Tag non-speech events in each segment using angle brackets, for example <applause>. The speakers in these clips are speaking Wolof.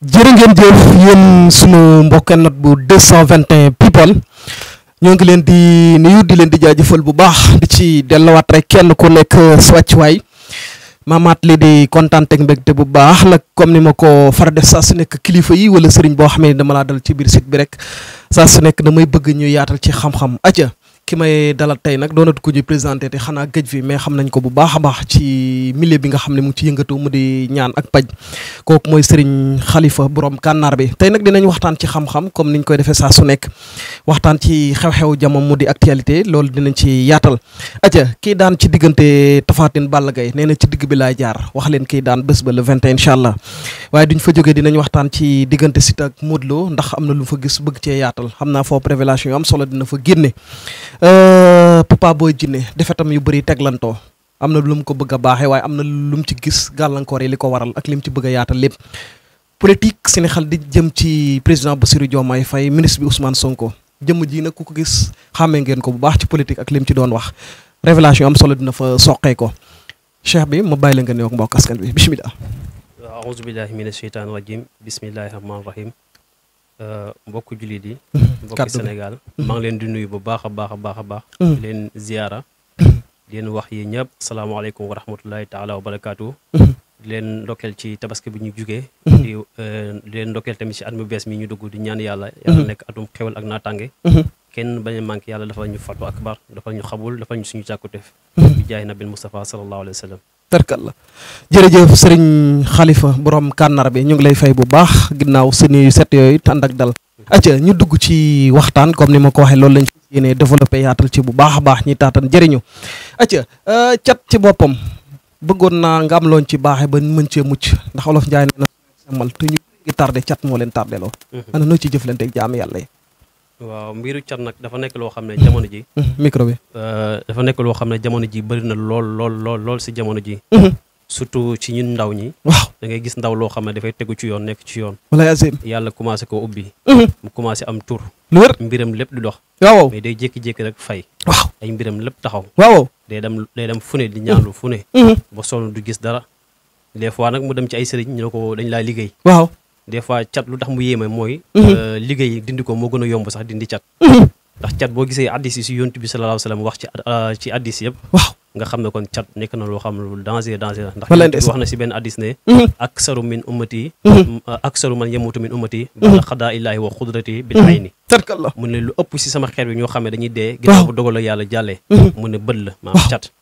jërë ngeen jëf yéen sunu mbokk nat bu 221 people ñoo ngi leen di ni nuyu di leen di jaajëfal bu baax di ci delluwaat rek kenn ku nekk swàccuwaay maamaat li di kontaan ak mbégte bu baax nag comme ni ma ko fara def saa su nekk kilifa yi wala sëriñ boo xam ne dama laa dal ci biir site bi rek saa su nekk damay bëgg ñu yaatal ci xam-xam aja ki may dalal tey nag doonatu ko ji présenté te xanaa gëj fi mais xam nañ ko bu baax a baax ci milieu bi nga xam ne mu ci yëngatu mu di ñaan ak paj kooku mooy Serigne xalifa borom kànnaar bi tey nag dinañ waxtaan ci xam-xam comme niñ koy defee saa su nekk waxtaan ci xew-xew jamono mu di actualité loolu dinañ ci yaatal. aja kii daan ci diggante Tafatine Balla Gaye nee na ci digg bi laay jaar wax leen kii daan bés ba le 21 incha allah waaye duñ fa jógee dinañ waxtaan ci diggante Siteu ak Modou Lo ndax am na lu fa gis bëgg cee yaatal xam naa foofu révélation solo dina fa génne Euh, Papa Boy Djiné defetam yu bëri teglantoo am na lu mu ko bëgg a baaxee waaye am na lu mu ci gis gàllankoor yi li ko waral ak li mu ci bëgg a yaatal lépp politique Sénégal di jëm ci président Bassirou Diomaye fay ministre bi Ousmane Sonko jëmm ji nag ku ko gis xàmmee ngeen ko bu baax ci politique ak lim ci doon wax révélation am solo dina fa soqee ko cheikh bi ma bàyyi la nga nuyoog mbokk askan bi bisimilah. waaw aouzu billahi mina sheytaani rajim bismillahi rahmaani rahim Euh, mbokk jullit yi. <laughs> mbokki Sénégal maa ngi leen di nuyu bu baax a baax a baax a baax. Mm. leen ziyaara. <coughs> di leen wax yi ñëpp salaamaaleykum wa rahmatulahi taala wa barakaatu. Mm. leen ndokkeel ci tabaski bi ñu jógee mm. euh, di leen ndokkeel tamit ci at mu bees mi ñu dugg di ñaan yàlla. yàlla nekk atum xewal ak naataange. kenn bañ a yàlla dafa ñu fatu akbar dafa ñu xabul dafa ñu suñu càkkuteef. bi jaay nabil Mustafa sallallahu alayhi wa sallam. tarkal la jërëjëf sëriñ xalifa borom kànnaar bi ñu ngi lay fay bu baax ginnaaw sëni set yooyu tànd ak dal acca ñu dugg ci waxtaan comme ni ma ko waxe loolu lañ fi yéene développé yaatal ci bu baax a baax ñi taatan jëriñu acca euh, cat ci boppam bëggoon naa nga am loon ci baaxe ba mën cee mucc ndax olof njaay nee na sàmmal te ñu ngi tardé cat moo leen tardé loo ana noo ci jëflante ak jaam yàlla yi waaw mbiru cat nag dafa nekk loo xam ne jamono ji mhm, micro bi euh, dafa nekk loo xam ne jamono ji bëri na lool lool lool lool si jamono ji mhm. surtout ci ñun ndaw ñi waaw da gis ndaw loo xam ne dafay tegu ci yoon nekk ci yoon wala yàlla commencé ko ubbi mhm. mu commencé am tur mbiram lépp du dox waaw mais day jékki-jékki rek fay waaw ay mbiram lépp taxaw waaw day dem day dem fune di ñaanlu fune ba sonn du gis dara des fois nag mu dem ci ay sëriñ ñu ne ko dañ laa liggéey des fois cat lu tax mu yéeme mooy. Mhm. Euh, liggéey dindi ko moo gën a yomb sax dindi cat. Mhm. ndax cat boo gisee addis yi si yontu bi sallallahu alayhi wax ci euh, ci addis nga xam ne kon cat nekk na loo xam lu danger danger la. ndax wax na si benn addis ne. Mhm. aksaru min ummati. Euh, aksaru man yamutu min ummati. bala xadaa illaahi wa xudrati bil mu ne lu ëpp si sama xeet bi ñoo xam ne dañuy dee. waaw ginnaaw bu dogal yàlla jàllee. mu ne bët la maanaam cat.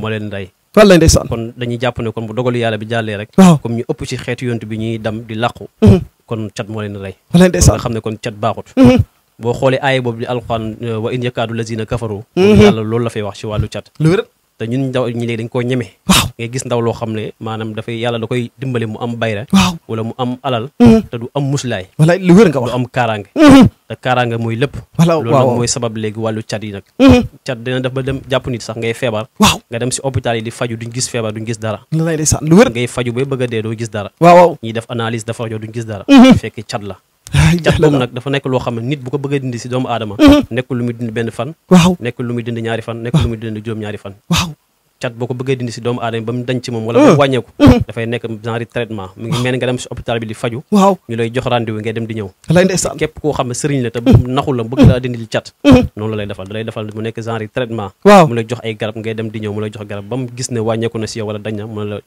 moo leen rey. wallay ndeysaan kon dañuy jàpp ne kon bu dogalu yàlla bi jàllee rek waaw comme ñu ëpp ci xeetu yont bi ñuy dem di làqu mhm. kon cat moo leen rey wallay ndeysaan nga xam kon cat baaxut mhm. boo xoolee aaya boobu di alxuraan wa in yakaadu lazina kafaru mhm. loolu la fay wax ci wàllu cat lu wér te ñun ndaw ñi léegi dañ koo ñeme waaw nga gis ndaw loo xam ne maanaam dafay yàlla da koy dimbale mu am bayra waaw wala mu am alal mm-hmm. te du am musulaay wala lu wér nga wax am kaaraange mm-hmm. te kaaraange mooy lépp wala loolu nag mooy sabab léegi wàllu cat yi nag mm-hmm. cat dina def ba dem jàpp nit sax ngay feebar waaw nga dem si hôpital yi di faju duñ gis feebar duñ gis dara la lay ndeysaan lu wér ngay faju ba bëgg dee doo gis dara waaw waaw ñiy def analyse dafa joo duñ gis dara fekk cat la cat boobu nag dafa nekk loo xam ne nit bu ko bëggee a dindi si doomu aadama mhm. nekkul lu muy dindi benn fan waaw nekkul lu muy dindi ñaari fan nekkul lu muy dindi juróom ñaari fan waaw cat boo ko bëggee dindi si doomu aadama ba mu dañ ci moom wala mu uh-huh. wàññeeku uh-huh. dafay nekk genre traitement mu ngi mel nga dem si hôpital bi di faju ñu lay jox rendez uh-huh. ngay dem di ñëw mu lay jox garab ngay gis ne wàññeeku na si yow wala dañ na mu la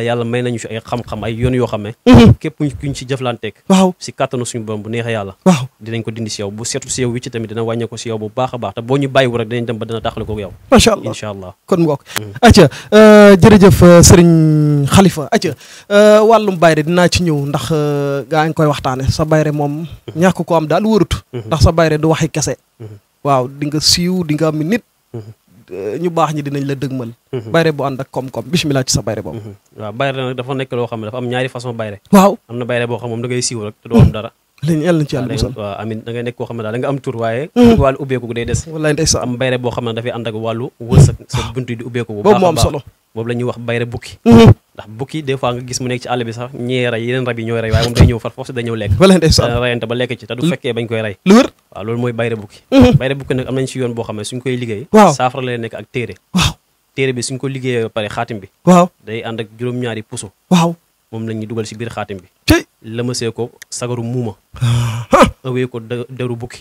yàlla may nañu si ay xam-xam ay yoon yoo xam ne képp kuñ si jëflanteeg waaw si kàttanu suñu borom bu neexee yàlla dinañ ko dindi si yow bu seetu si yow wi ci tamit dina wàññeeku si yow bu baax a baax dina taxalu ko yow macha allah incha allah kon mbokk mm. acca euh, jërëjëf euh, sëriñ xalifa acca euh, wàllum bayre dinaa ci ñëw ndax gaa ngi koy waxtaane sa bayre moom ñàkk ko am daal wërut mm-hmm. ndax sa bayre du waxi kese mm-hmm. waaw di nga siiw di nga am nit mm-hmm. ñu baax ñi dinañ la dëgmal bayre bu ànd ak koom-koom bismillah ci sa bayre boo waaw bayre dafa nekk loo xam ne dafa am ñaari façon bayre waaw am na bayre boo xam moom da siiw rek doo am dara léegi yàlla na ci yàlla musal waaw amin da ngay nekk koo xam ne daal da am tur waaye mhm. wàllu wàllu wërsëg ah. sa buntu yi di ubbeeku bu baax am solo boobu la wax bayre bukki mhm. ndax bukki des fois nga gis mu nekk ci àll bi sax ñee rey yeneen rab yi ñooy rey waaye moom day ñëw far foofu day ñëw lekk ba lekk ci te du fekkee bañ koy rey lu wér waaw loolu mooy bayre bukki mhm. bayre bukki nag am nañ ci yoon boo xam ne suñ koy liggéey waaw nekk ak téere waaw téere bi suñ ko liggéeyee ba pare xaatim moom lañuy dugal si biir xaatim bi. tey lëmasee ko sagaru muuma. awee ah. ko deru bukki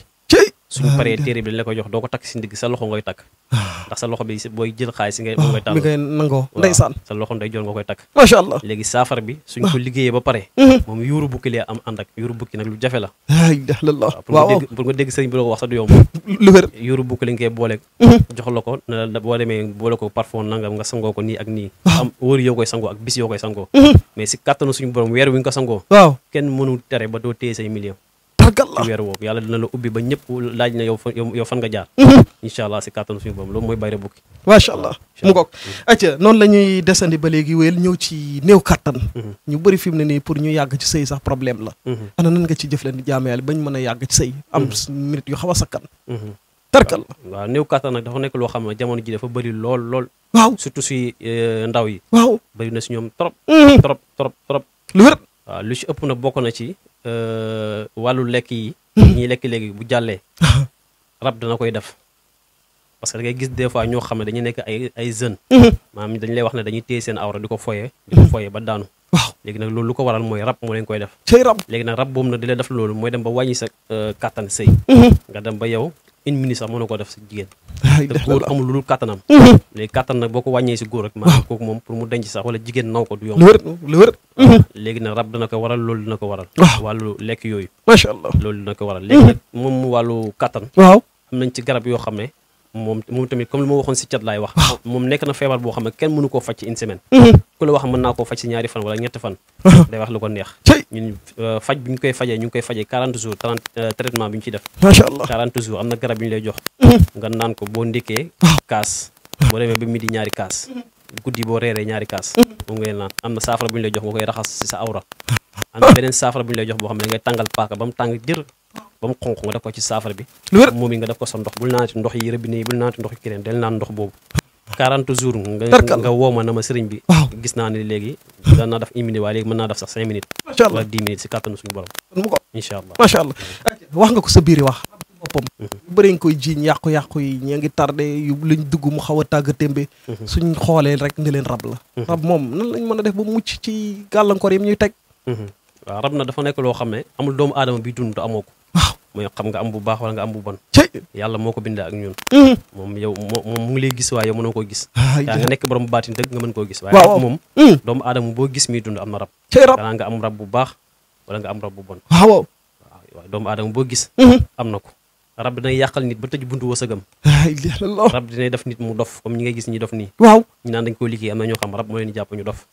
suñu paree téere bi la ko jox doo ko takk si ndigg sa loxo ngay takk ah. ndax sa loxo bi booy jël xaalis si ngay moo ah, ngay tàllal ngay nangoo sa loxo nday joor nga koy takk macha léegi saafara bi suñ ah. ko liggéeyee ba pare mhm. moom yuuru bukki lee am ànd ak yuuru bukki nag lu jafe la la ilaha illallah waaw pour nga dégg sëriñ wax sa du yomb lu wér yuuru bukki li koy boole mhm. jox la ko na boo demee boole ko parfum nangam nga sangoo ko nii ak nii am wóor yoo koy sangoo ak bis yoo koy sangoo mhm. mais si kàttanu suñu borom weer wi nga ko sangoo waaw tere ba doo téye say million ci weer woowu yàlla dina la ubbi ba ñëpp laaj na yow fan yow fan nga jaar mhm. incha allah si kàttanu suñu boobu loolu mooy bayre bukki macha allah mu ngoog acca noonu la ñuy desandi ba léegi wéyal ñëw ci néew kàttan mhm. ñu bëri fi mu ne nii pour ñu yàgg ci sëy sax problème la mhm. ana nan nga ci jëf leen jaam yàlla bañ mën a yàgg ci sëy am minute yu xaw a sakkan tarkal waaw néew kàttan nag dafa nekk loo xam ne dafa bëri lool lool waaw surtout si euh, ndaw yi waaw bëri na si ñoom Euh, wàllu lekk yi <laughs> ñuy lekk léegi bu jàllee <laughs> rab dana koy def parce que da ngay gis des fois ñoo xam ne dañuy nekk ay ay jeunes <laughs> maam mhm. dañu lay wax ne dañuy téye seen awra di ko foye di ko mhm. foye ba daanu léegi nag loolu lu ko waral mooy rab moo leen koy def cay rab léegi nag rab boobu nag di la def loolu mooy dem ba wàññi sa euh, kàttan sëy mhm. nga dem ba yow une minute sax mënoo ko def si jigéen te góor amul lu dul kàttanam mhm. léegi kàttan nag boo ko wàññee si góor rek maanaam kooku moom pour mu denc sax wala jigéen naw ko du yomb lu wër lu wër mhm. ah, léegi nag rab dina ko waral loolu dina ko waral wàllu lekk yooyu macha allah loolu dina ko waral léegi mhm. nag moom wàllu kàttan waaw am nañ ci garab yoo xam moom moom tamit comme li ma waxoon si cat laay wax moom nekk na feebar boo xam ne kenn mënu koo faj ci une mhm. ku la wax mën naa koo faj si ñaari fan wala ñetti fan mhm. day wax lu ko neex ñun euh, faj bi ñu koy fajee ñu ngi koy fajee 40 jours 30 euh, traitement bi ñu ciy def macha allah 40 jours am na garab yu ñu lay jox mhm. nga naan ko boo ndékkee kaas boo demee ba midi ñaari kaas guddi boo reeree ñaari kaas moom ngay naan am na saafara bu ñu lay jox nga koy raxas si sa awra <laughs> am beneen saafara bu ñu lay jox boo xam ne ngay tàngal paaka ba tàng jër ba xonq nga def ko ci saafara bi moom yi nga def ko sa ndox bul naanati ndox yi robinet yi bul naanati ndox yi keneen del naan na ma sëriñ bi gis naa ne léegi daan naa def une minute waaye léegi mën naa ko sa biir wax boppam mhm. bëri nga koy jiiñ yàqu-yàqu yi ñee dugg mu xaw a tàgga témbe mhm. suñ xoolee rek ne leen rab la mhm. rab moom nan lañ mën a def ba mucc ci gàllankoor yi ñuy teg waaw rab na dafa nekk loo xam ne amul doomu aadama bi dund te amoo ko waaw mooy nga am bu baax wala am bu bon yàlla moo ko bindee ak ñun mm-hmm. moom yow moom mu ngi lay gis waaye yow mënoo koo gis ah, yaa nga nekk borom baatin dëgg nga mën koo gis waaye moom mm. doomu aadama boo gis miy dund am na rab xanaa nga rab bu baax wala nga am rab bu bon ah, waaw waaw doomu aadama boo gis mm-hmm. am na ko rab dinay yàqal nit ba tëj buntu wësëgam rab dinay def nit mu dof comme ñi ngay gis ñi dof nii waaw ñu naan dañ koo liggéey am na ñoo xam rab moo leen jàpp ñu dof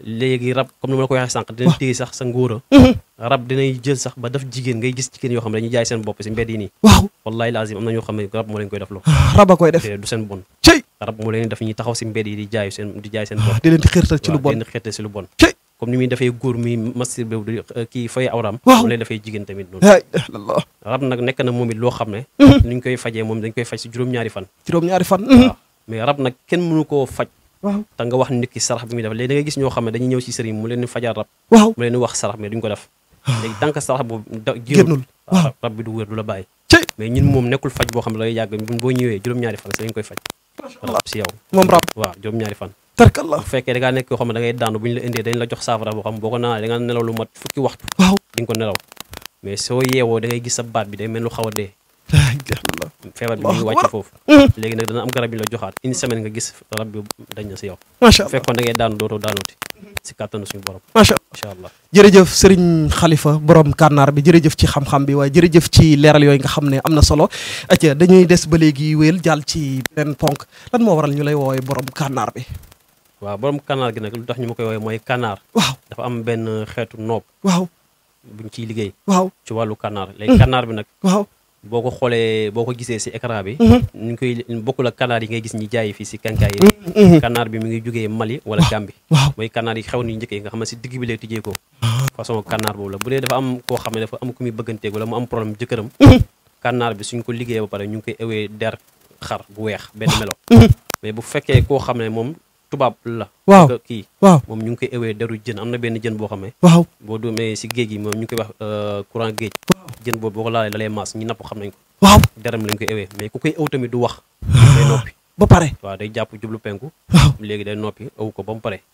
léegi rab comme ni ma la ko waxee sànq dina téye sax sa ngóora mhm. rab dinay jël sax ba daf jigéen ngay gis jigéen yoo xam ne dañuy jaay seen bopp si mbedd yi nii waaw wallahi lazim am na ñoo xam ne rab moo leen koy def loo ah, a dafay ah, eh, jigéen tamit noonu rab nag nekk na moom it loo xam ne mhm. ni ñu koy fajee moom dañ koy faj si juróom-ñaari fan juróom-ñaari fan mhm. mais rab nag kenn mënu koo faj waaw te nga wax nit ki sarax bi muy def léegi da gis ñoo xam ne dañuy ñëw ci sëriñ mu leen fajal rab waaw mu leen wax sarax mais duñ ko def ah. léegi tant que sarax boobu génnul waaw ah, rab bi du wér du boo xam ne da ngay yàgg boo ñëwee juróom-ñaari fan si lañ koy faj rab si yow moom rab waaw juróom-ñaari da ngaa nekk yoo ñu boo xam boo ko naanee da nga nelaw lu mat fukki waxtu waaw ko nelaw mais soo yeewoo da gis sa baat bi day mel lu xaw a dee feebar bi muy wàcc foofu mhm. léegi nag dana am garab yi la joxaat une semaine nga gis rab bi dañ na si yow macha allah fekkoon da ngay daanu dootoo daanuti si kàttanu suñu borom macha allah jërëjëf Serigne xalifa boroom kànnaar bi jërëjëf ci xam-xam bi waaye jërëjëf ci leeral yooyu nga xam ne am na solo aca dañuy des ba léegi wéel jàll ci beneen ponk lan moo waral ñu lay woowee borom kànnaar bi waaw borom kànnaar gi nag lu tax ñu ma koy woowee mooy kànnaar waaw dafa am benn xeetu noob waaw buñ ciy liggéey waaw ci wàllu kànnaar mhm. léegi kànnaar bi nag waaw boo ko xoolee boo ko gisee si écran bi mhm. ñu koy bokk ak kanaar yi ngay gis ñi jaayi fii si kankaay yi mhm, mhm. kanaar bi mu ngi jógee Mali wala Gambie waaw mooy kanaar yi xew ni njëkk yi nga xam ne si digg bi lay tijjee ko ah. façon kanaar boobu la bu dee dafa am koo xam ne dafa am ku muy bëgganteeg wala mu am problème jëkkëram kanaar bi suñ ko liggéeyee ba pare ñu ngi koy ewee der xar bu weex benn melo mais bu fekkee koo xam ne moom tubaab la. waaw kii waaw moom ñu ngi koy ewee deru jën am na benn jën boo xam ne. waaw boo demee si géej gi moom ñu ngi koy wax euh, courant géej. jën boobu boo ko laalee da lay ñi napp xam nañ ko. waaw deram lañ koy ewee mais ku koy ew tamit du wax. <sighs> day noppi. ba pare waaw day jàpp jublu penku waaw léegi day noppi aw ko ba mu pare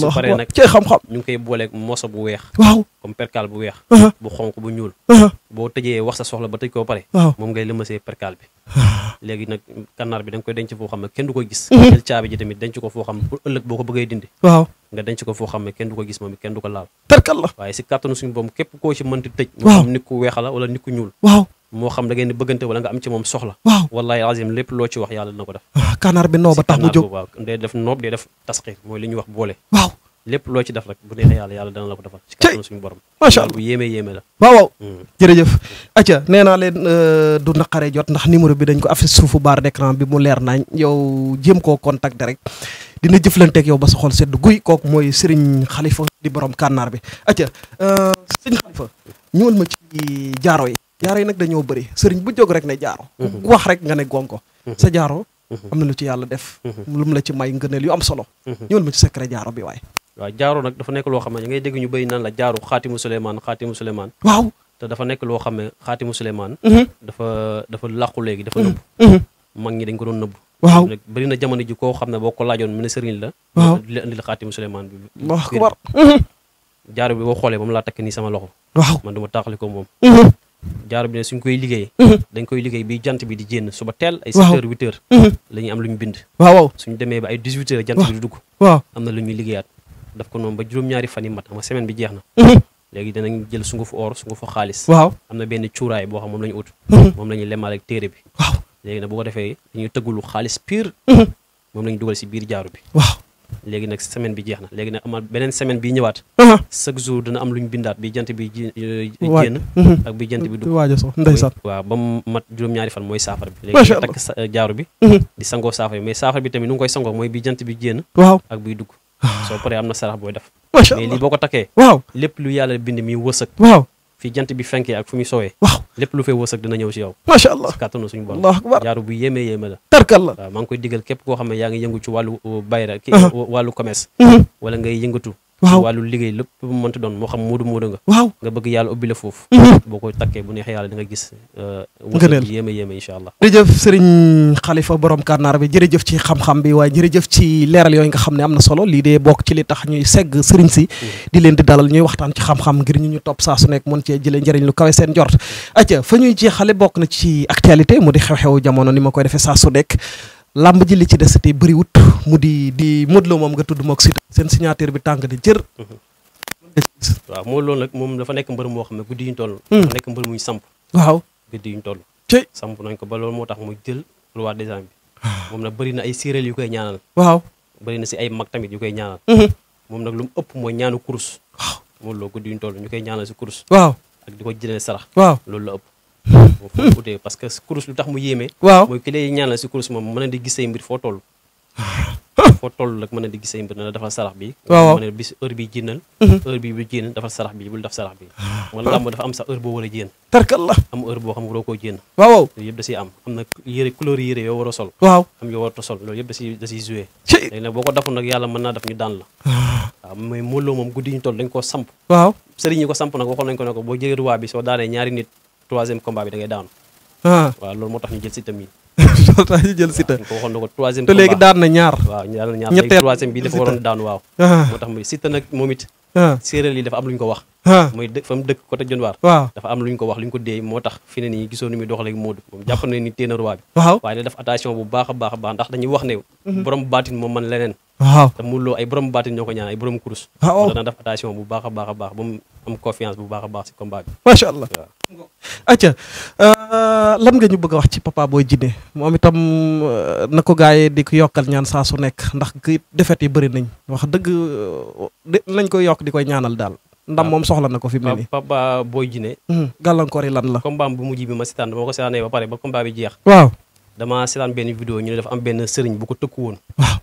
su paree nag ci xam-xam ñu ngi koy booleeg moso bu weex waaw comme percal bu weex uh-huh. bu xonk bu ñuul uh-huh. boo tëjee wax sa soxla ba tëj koo pare waaw moom bi uh-huh. léegi nag kannaar bi da nga koy denc kenn du ko gis jël caabi ko foo xam ne boo bëggee dindi ko foo xam ne kenn du ko gis moom kenn du ko laal percal la waaye si kàttanu suñu boom képp koo ci mënti tëj moo nit ku weex la wala nit ku ñuul waaw moo xam da ngeen di bëggante wala nga am ci moom soxla waaw wallahi azim lépp loo ci wax yàlla na ko def kanaar bi nooba tax mu jóg waaw def noob day def tasxir mooy li wax boole waaw lépp loo ci def rek bu neexee yàlla yàlla dana la ko defal ci kàttanu suñu borom macha allah bu yéeme yéeme la waaw waaw mm. jërëjëf acca nee naa leen euh, du naqaree jot ndax numéro bi dañ ko affiche suufu barre d'écran bi mu leer naañ yow jéem koo contacter rek dina jëflanteeg yow ba sa xol sedd guy kook mooy Serigne xalifa di boroom kànnaar bi acca euh, sëñ Khalifa ñëwal ma ci jaaro yi jaaro yi nag dañoo bëri sëriñ bu jog rek ne jaaro mm-hmm. wax rek nga ne gonko mm-hmm. sa jaaro am na lu ci yàlla def. lu mu la ci may ngëneel yu am solo. ñëwal ma ci secret jaaro bi waaye. waaw jaaro nag dafa nekk loo xam ne ngay dégg ñu béy naan la jaaru xaatimu Souleymane xaatimu Souleymane. waaw te dafa nekk loo xam ne xaatimu Souleymane. Mhm. dafa làqu léegi dafa mhm. nëbb. Mhm. mag ñi dañ ko doon nëbb. waaw bëri na ji koo xam ne boo ko laajoon mu ne sëriñ la. waaw di la indil xaatimu Souleymane bi. waaw kubar. jaaro bi boo xoolee ba mu la takk nii sama loxo. waaw man du ma moom. jaaro bi ne suñ koy liggéey mhm. dañ koy liggéey bi jant bi di génn suba teel ay sept heures mhm. lañuy am lu ñu bind waaw waaw suñ demee ba ay dix huit heures jant bi dugg waaw am na lu ñuy liggéeyaat daf ko noonu ba juróom-ñaari fan yi mat ama semaine bi jeex na mhm. léegi danañ jël sungufu or sungufu xaalis waaw am na benn cuuraay boo xam moom la ñu ut moom la ñuy lemaal ak téere bi waaw léegi nag boo ko defee dañuy tëggulu xaalis piir moom la dugal si biir jaaro bi waaw léegi nag semaine bi jeex na léegi nag amal beneen semaine bi ñëwaat chaque jour dina am lu ñu bindaat bi jant bi euh, génn mhm. ak bi jant bi dugg waaj a so ndeysaan ñaari fan mooy saafara bi léegi takk euh, jaaru bi mhm. di sangoo saafara bi mais saafara bi tamit nu mooy bi jant bi génn waaw ak biy ah. soo paree am na sarax booy def mais lii boo ko takkee waaw lépp lu yàlla bind mi wësëg waaw fii jant bi fenkee ak fu muy lépp lu fay wërsëg dina ñëw si yow macha allah kàttanu suñu borom allahu akbar jaaru bu yéemee yéeme la tarkal la waaw koy digal képp koo xam yaa ngi yëngu ci wàllu uh, bay rek uh-huh. uh, wàllu uh-huh. ngay yëngatu waaw wàllu liggéey lépp bu doon moo xam muudu muudu nga waaw nga bëgg yàlla ubbi la foofu mhm. boo koy takkee bu neexee yàlla da nga gis euh, ngëneel yéeme yéeme incha allah jërëjëf sëriñ xalifa borom kànnaar bi jërëjëf ci xam bi waaye jërëjëf ci leeral yooyu nga xam ne am na solo lii dee bokk ci li tax ñuy segg sëriñ si mhm. di leen di dalal ñuy waxtaan ci xam-xam ngir ñu ñu topp saa su nekk mën cee jëlee njëriñ lu kawe seen jort aca fa ñuy jeexale bokk na ci actualité mu di xew-xew jamono ni ma koy defee saa su nekk làmb ji li ci des te bëriwut mu di di Modou Lo moom nga tudd mook Siteu seen signature bi tànk di jër. waaw moo loolu nag moom dafa nekk mbër moo xam ne guddi yuñ hmm. nekk mbër muy samp. waaw guddi yuñ toll. nañ ko ba loolu moo tax mu jël roi des bi. moom nag bëri na ay séeréer yu koy ñaanal. waaw bëri na si ay mag tamit yu koy ñaanal. Hmm. moom nag lu mu ëpp mooy ñaanu kurus. waaw Modou Lo guddi yuñ toll ñu koy ñaanal si kurus. waaw ak di ko jëlee sarax. waaw loolu la parce que kurus lu tax mu yéeme. waaw mooy ki ñaanal si kurus moom mën na di gis say mbir foo toll. Ah. foo toll rek mën na di gis say mbir na defal sarax bi. waaw mën na mhm. ah. dafa am sa heure boo war a jéen. tarkalla am heure boo xam waroo koo jéen. waaw yëpp da am am na yére couleur yoo war a sol. waaw am yoo war a sol yëpp da siy da siy joué. léegi nag boo ko defoon nag yàlla mën naa def ñu daan la. Ah. waaw mais Modou Lo moom guddi ñu toll dañ koo ko samp troisième combat bi da ngay daanu. Ah. waaw loolu moo tax ñu jël Siteu mi. loolu <laughs> tax ñu jël léegi daan na ñaar. waaw daan bi dafa waroon daanu waaw. Ah. moo tax muy Siteu nag moom ah. yi dafa am lu ko wax. mooy dë fa dëkk côté Jonwaar. waaw dafa am lu ko wax lu ko dee moo tax fi ne nii gisoo ni muy doxalee moom jàpp na ni téena waaw waaye da def attention bu baax a baax a baax ndax dañuy wax ne. Mhm. borom baatin moom man leneen. waaw te muloo ay borom oh. a a am confiance bu baax a baax si combat bi. macha allah waaw. acca euh, lan nga ñu bëgg a wax ci Papa Boy Djiné moom itam euh, na ko gars yi di ko yokkal ñaan saa su nekk ndax defet yi bëri nañ wax dëgg euh, nañ ko yokk di koy ñaanal daal. ndax ah. moom soxla na ko fi mu ne nii. Papa Boy Djiné. Hmm, gàllankoor yi lan la. combat bu mujj bi ma seetaan dama ko seetaanee ba pare ba combat bi jeex. waaw dama seetaan benn vidéo ñu ne dafa am benn sëriñ bu ko tëkku woon. waaw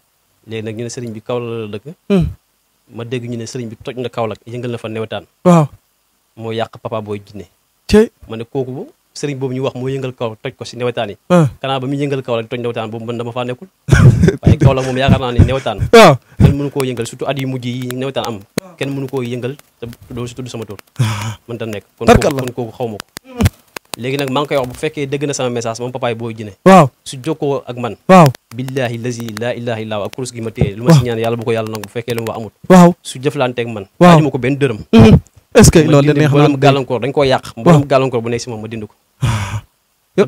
léegi nag ñu ne bi kaw la ma dégg ñu ne sëriñ bi toj na Kaolack yëngal na fa newetaan waaw moo yàq papa booy jinne te ma ne kooku sëriñ boobu ñu wax moo yëngal Kaolack toj ko si newetaan yi kanaa ah. ba muy yëngal Kaolack toj newetaan boobu man dama faa nekkul <laughs> waaye Kaolack moom yaakaar naa ne newetaan waaw ah. kenn mënu koo yëngal surtout at yu mujj yi newetaan am ah. kenn mënu koo yëngal te doo si tudd sama tur man ta nekk kon kooku xaw ma ko mm. léegi nag maa ngi koy wax bu fekkee dégg na sama message moom papaay booy jine waaw su jokkoo ak man waaw billaahi lazi laa ilaha ak kurus gi ma téye lu ma si ñaan yàlla bu ko yàlla nag bu fekkee lu ma wax amut waaw su jëflanteeg man waaw ko benn dërëm mm-hmm. est-ce que loolu bu nekk si moom ma dind ko ah.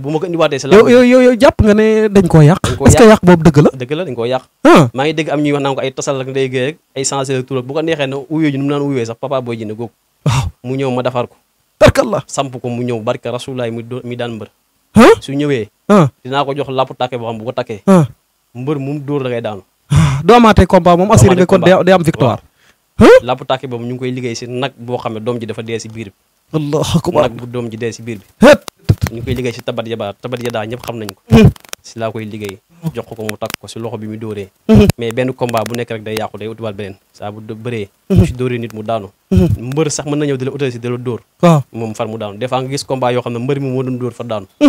bu ma ko indiwaatee sa yow nga ne dañ koo yàq boobu dëgg la dëgg la dañ koo yàq ah. maa ngi dégg am ñuy wax naan ko ay tasal ak ndey géey rek ay sensé ak tur bu ko neexee na uyoo ñu nu naan uyoo sax papa booy jine ma defar ko tarkalla samp ko mu ñëw barka rasulaay mi daan mbër su ñëwee dinaa ko jox làpp takk boo xam bu ko takkee mbër mu dóor da ngay doo amaatee combat moom assuré nga kon day am victoire làpp tàkke boobu ñu ngi koy liggéey si nag boo xam ne doom ji dafa dee si biir bi allahu akbar dee si biir bi ñu ngi koy liggéey si tabat yaba tabat daa ñëpp xam nañ ko si laa koy liggéey jox ko mu takk ko si loxo bi mu dóoree mais benn combat bu nekk rek day yàqu day utiwaat beneen saa bu bëree si dóoree nit mu daanu <laughs> mbër sax mën na ñëw di la autorisé di la dóor waaw moom far mu daanu des nga gis combat yoo xam ne mbër mi moo doon dóor far daanu <laughs>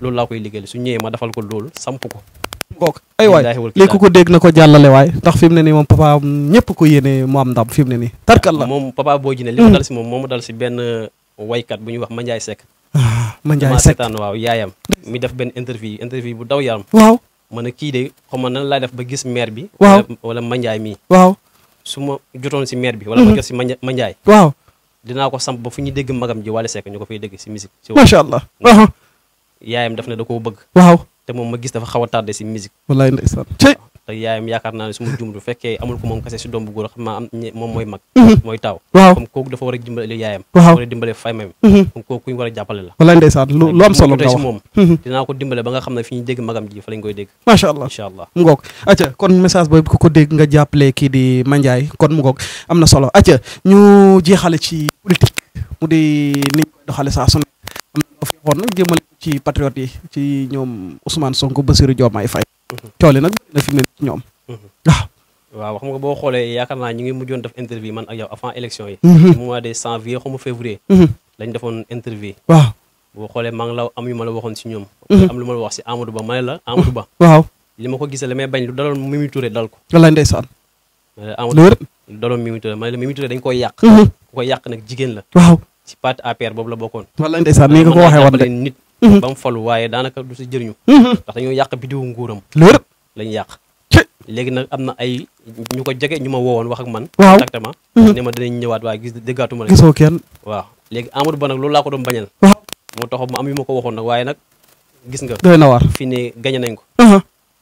loolu laa koy liggéeyal su ko dégg na ko jàllale waay ndax fi mu ne nii moom papa ñëpp ko yéene mu am ndam ne nii tarkal la moom papa boo ji ne li ma mm. dal si moom moo ma dal si benn waykat bu ñuy wax Mandiaye Seck ah, Mandiaye Seck seetaan waaw yaayam mi def benn interview interview bu daw yaram waaw ma ne kii de xaw ma nan ba gis bi waaw wala Mandiaye mii waaw su ma jotoon si maire bi. wala ma mhm. jot si ma njaay waaw dinaa ko samp ba fu ñuy dégg magam ji Wally Seck ñu ko fay dégg si musique. macha allah yaayam daf ne da koo bëgg. waaw te moom ma gis dafa xaw a tardé si musique. wallaay ndeysaan yaayam yaakaar naa ne su ma jum du fekkee amul ko moom kese si doom bu góor xam naa am moom mooy mag mhm. mooy taaw waaw comme kooku dafa war a dimbale yaayam waaw war a dimbale fay mam comme kooku kuñu war a jàppale la wala mhm. allah mu ngoog am na solo acca ñu jeexale ci politique mu di niñ koy doxale saa su ne jëmale ci patriote yi ci ñoom Ousmane Sonko Bassirou Diomaye Faye coow li nag bëri na fi mu ne ci ñoom waaw waaw xam nga boo xoolee yaakaar naa ñu ngi mujjoon def interview man a yow avant élection yi mhm. mois de janvier xaw a février mhm. lañ defoon interview waaw boo xoolee maa la am yu ma la waxoon si ñoom mhm. am lu ma la wax si Amadou Ba ma ne la Amadou Ba waaw li ma ko gisee la may bañ lu daloon Mimi dal ko lu daloon Mimi Touré la Mimi dañ koy yàq ku yàq nag jigéen la waaw si parti APR boobu la bokkoon wallaay ndeysaan ni Mhm. ba mu waaye daanaka du si jëriñu mhm. ndax dañoo yàq bidiwu nguuram léer lañu yàq léegi nag am na ay ñu ko jege ñu ma woowoon wax man exactement mhm. ne ma dinañ ñëwaat waaye gis déggaatuma la gisoo kenn waaw léegi Amadou Ba nag loolu laa ko doon bañal moo taxoon ma am yu ma ko waxoon nag waaye nag gis nga doy na waar fii ne gañe nañ ko uh-huh.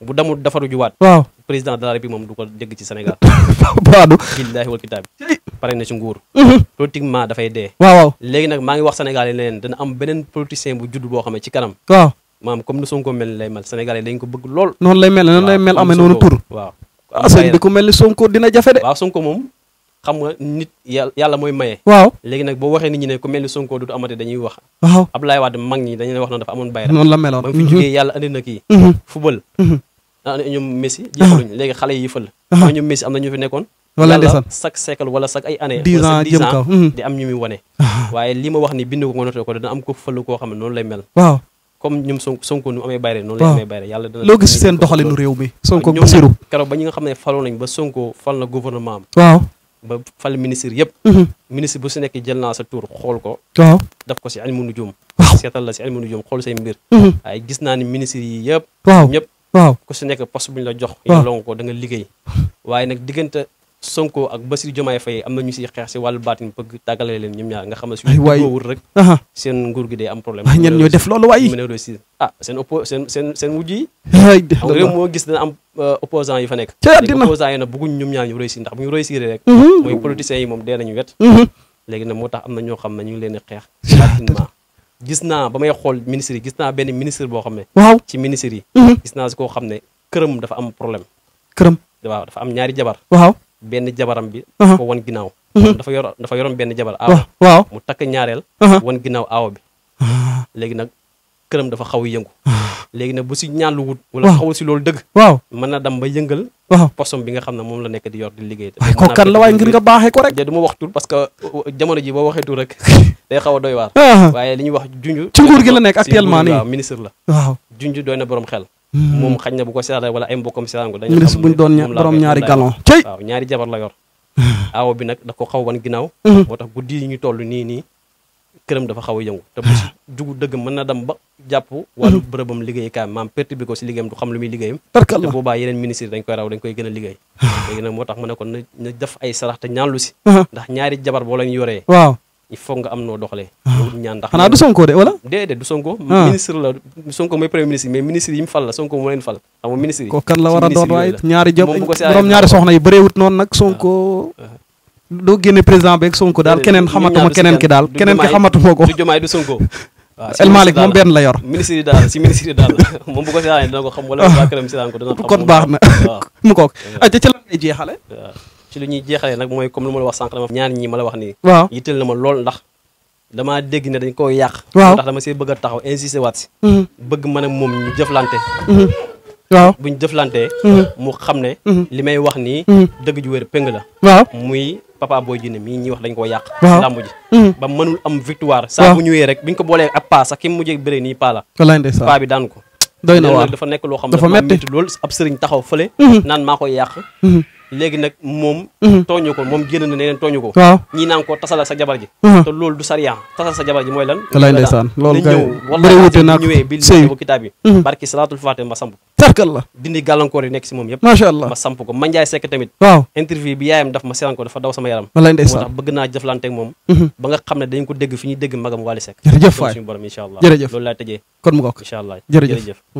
bu damul dafaru juwaat waaw président de la moom du ko dégg ci Sénégal <laughs> baadu billaahi wal kitaab na mhm. waaw léegi nag maa ngi wax Sénégal yi leen dana am beneen politicien bu judd boo xam ne ci kanam waaw maam comme ni Sonko mel ni lay mel Sénégal yi dañ ko bëgg lool noonu lay mel noonu lay mel amee noonu tur waaw ah, sëñ bi ku nag boo waxee nit ni Sonko dutu amate dañuy wax waaw Abdoulaye Wade mag la meloon ba fi jógee mhm. yàlla andi kii mhm. football Ah, ñoom Messi jeexaluñu ah. léegi xale yi fël a ah. ñoom Messi am na ñu fi nekkoon wala ndeysaan chaque siècle wala chaque ay année dix ans loo gis seen doxalinu réew mi Sonko Bassirou keroog ba ñi nga xam ne faloon nañ ba Sonko fal na gouvernement am ba fal ministre yëpp ministre bu si nekk jël naa sa tur xool ko waaw daf ko si ilmu nujum seetal la si ilmu nujum xool say mbir waaye gis naa ni ministre yi yëpp ñëpp waaw ku si nekk poste bu ñu la jox yow longu ko da liggéey waaye nag diggante Sonko ak Bassirou Diomaye Faye am na ñu siy xeex si wàllu baatin bëgg tàggale leen ñoom ñaar nga xam ne suñu wut rek seen nguur gi day am def loolu waaye mën a réussir ah seen oppo seen seen seen moo gis dana am euh, opposant yi fa nekk opposant yi nag bëgguñ ñoom ñaar ñu réussir ndax bu ñu réussir rek mhm. mooy politiciens yi moom dee nañu wet mhm. léegi nag moo tax am na ñoo xam ne ñu ngi leen di xeex gis naa ba may xool ministre yi gis naa benn ministre boo xam ne. waaw ci ministre yi. Mhm. gis naa si koo xam ne këram dafa am problème. këram waaw dafa am ñaari jabar. waaw benn jabaram bi. ko mhm. wan ginnaaw. Mhm. dafa yor dafa yoroon benn jabar aaw. waaw mu takk ñaareel. wan ginnaaw aaw bi. Ah. léegi nag këram dafa xaw yëngu. Ah. léegi nag bu si ñaan lu wut. wala xamul si loolu dëgg. waaw mën na dem ba yëngal. waaw posom bi nga xam ne moom la nekk di yor di liggéey. waaye kooku kan la waaye ngir nga baaxee ko rek. de du que euh, jamono ji boo <laughs> a doy waar. Ah. waaye li wax junj. ci nguur gi la nekk actuellement nii waaw ministre la. waaw junj doy xel. Hmm. moom xañ na bu ko seetalee wala ay mbokkam seetaan ko. dañu xam ministre bu ñu doon ña ñaari galon. cey ñaari jabar la yor. Hmm. aawo bi nag da ko xaw wan ginnaaw. Hmm. moo tax guddi yi ñu toll nii këram dafa xaw a te bu si dëgg mën na dem ba jàpp wàllu bërëbam liggéeykaay maam perturbé ko si liggéeyam du xam lu muy a liggéey <sighs> moo tax ma ne kon na def ay sarax te ñaan lu si ndax ñaari jabar boo lañ yoree waaw il faut nga am noo doxalee loolu xanaa du sonko de wala déedéet du sonko ah. ministre la sonko mooy premier ministre mais ministre yi fal la sonko moo leen fal xam nga ministre ko kan la war a doon waay ñaari job borom ñaari soxna yi bëreewut noonu doo génne président beeg Sonko daal keneen xamatuma keneen ki daal keneen ki xamatuma ko du Diomaye du Sonko <laughs> waaw moom benn la yor ministre yi daal si ministre yi daal <laughs> moom bu ko seetaanee dina ko xam wala waa këram ko dina xam na <laughs> mu kook aca ci lan ngay jeexale waaw ci lu ñuy jeexale nag mooy comme lu la wax sànq ma la na mhm. moom ñu jëflante mhm. waaw buñ jëflantee mhm. mu xam ne li may wax nii dëgg ju wér péng la waaw papa Boy Djiné mii ñuy wax dañ koo yàq làmb ji mm-hmm. ba mënul am victoire saa bu ñëwee rek biñ ko boolee ak paa sax ki mujjee bëree nii paa la daan ko doy na waar dafa nekk loo xam ne dafa metti lool ab sëriñ taxaw fële mm-hmm. naan maa koy yàq mm-hmm. léegi nag moom mhm. tooñu ko moom génn na neneen tooñu ko waaw ñii naan ko tasal ak sa jabar ji mhm. te loolu du sa mooy lan lay ndeysaan loolu kay mhm. ma samp tarkalla dindi gàllankoor yi nekk si moom yëpp ko manjaay nga xam ne dañ ko dégg fi ñuy dégg magam Wally Seck jërëjëf waay suñu borom incha allah jërëjëf loolu